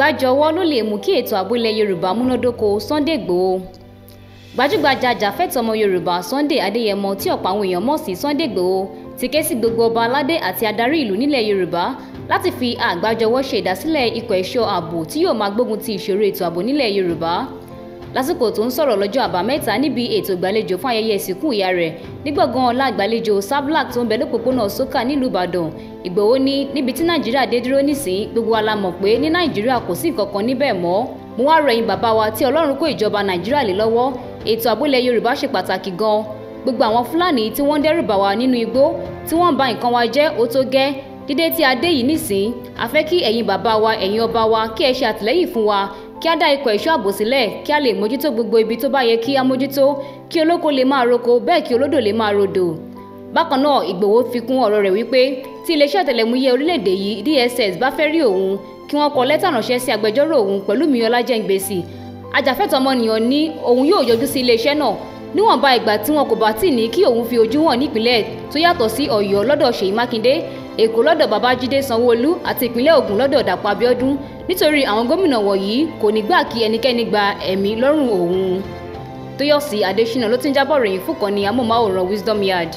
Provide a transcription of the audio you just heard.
gbájọwọ́ ló lè mú kí ètò ààbò ilẹ̀ yorùbá múnádóko Sunday Igboho gbajúgbajà ajàfẹ́tọ̀ọ́ ọmọ yorùbá Sunday Adéyẹmọ tí ọ̀pọ̀ àwọn èèyàn mọ̀ sí Sunday Igboho ti ké sí gbogbo ọba aládé àti adarí ìlú nílẹ̀ yorùbá láti fi àgbájọwọ́ ṣe ìdásílẹ̀ ikọ̀ ẹ̀ṣọ́ ààbò tí yóò máa gbógun ti ìṣòro ètò ààbò nílẹ̀ yorùbá lásìkò tó ń sọ̀rọ̀ lọ́jọ́ àbámẹ́ta níbi ètò ìgbàlejò fún ayẹyẹ ìsìnkú ìyá rẹ̀ nígbọ̀ngàn ọlá ìgbàlejò sablak tó ń bẹ lópòpónà sókà nílùú ìbàdàn ìgbòho ní níbi tí nàìjíríà dé dúró nísìn gbogbo wa la mọ̀ pé ní nàìjíríà kò sí nǹkan kan níbẹ̀ mọ́ mo wá rẹ̀yìn bàbá wa tí ọlọ́run kó ìjọba nàìjíríà lé lọ́wọ́ ètò àbúlẹ̀ yorùbá ṣe pàtàkì gan gbogbo àwọn fúlàní tí wọ́n ń dẹ́rù bà wá nínú igbó tí wọ́n ń ba nǹkan wa jẹ́ ó tó gẹ́ dídé tí a dé yìí nísìn a kí ẹ̀yin bàbá wa ẹ̀yin ọba wa kí ẹ ṣe àtìlẹ́yìn fún wa kí á dá ikọ̀ ẹ̀ṣọ́ ààbò sílẹ̀ kí a lè mójútó gbogbo ibi tó bá yẹ kí a mójútó kí olóko lè máa roko bẹ́ẹ̀ kí olódò lè máa rodò bákan náà Ìgbòho fi kún ọ̀rọ̀ rẹ̀ wípé tí iléeṣẹ́ ọ̀tẹlẹ̀múyẹ́ orílẹ̀-èdè yìí DSS bá fẹ́ rí òun kí wọ́n kọ lẹ́tà ránṣẹ́ sí agbẹjọ́rò òun Pẹ̀lúmi Ọlájẹ́ngbèsì ajàfẹ́tọ̀ọ́ ọmọnìyàn ní òun yóò yọjú sí iléeṣẹ́ náà níwọ̀nba ìgbà tí wọn kò bá tì ní kí òun fi ojú hàn nípìnlẹ̀ tó yàtọ̀ sí Ọ̀yọ́ èkó lọ́dọ̀ babájídé sanwóolu àti ìpínlẹ̀ ògùn lọ́dọ̀ dàpọ̀ abíọ́dún nítorí àwọn gómìnà wọ̀nyí kò ní gbà kí ẹnikẹ́ni gba ẹ̀mí lọ́rùn òun tóyọ̀sí adésínà ló ti ń jábọ̀ ròyìn fún kan ní amóhùnmáwòrán wisdom yard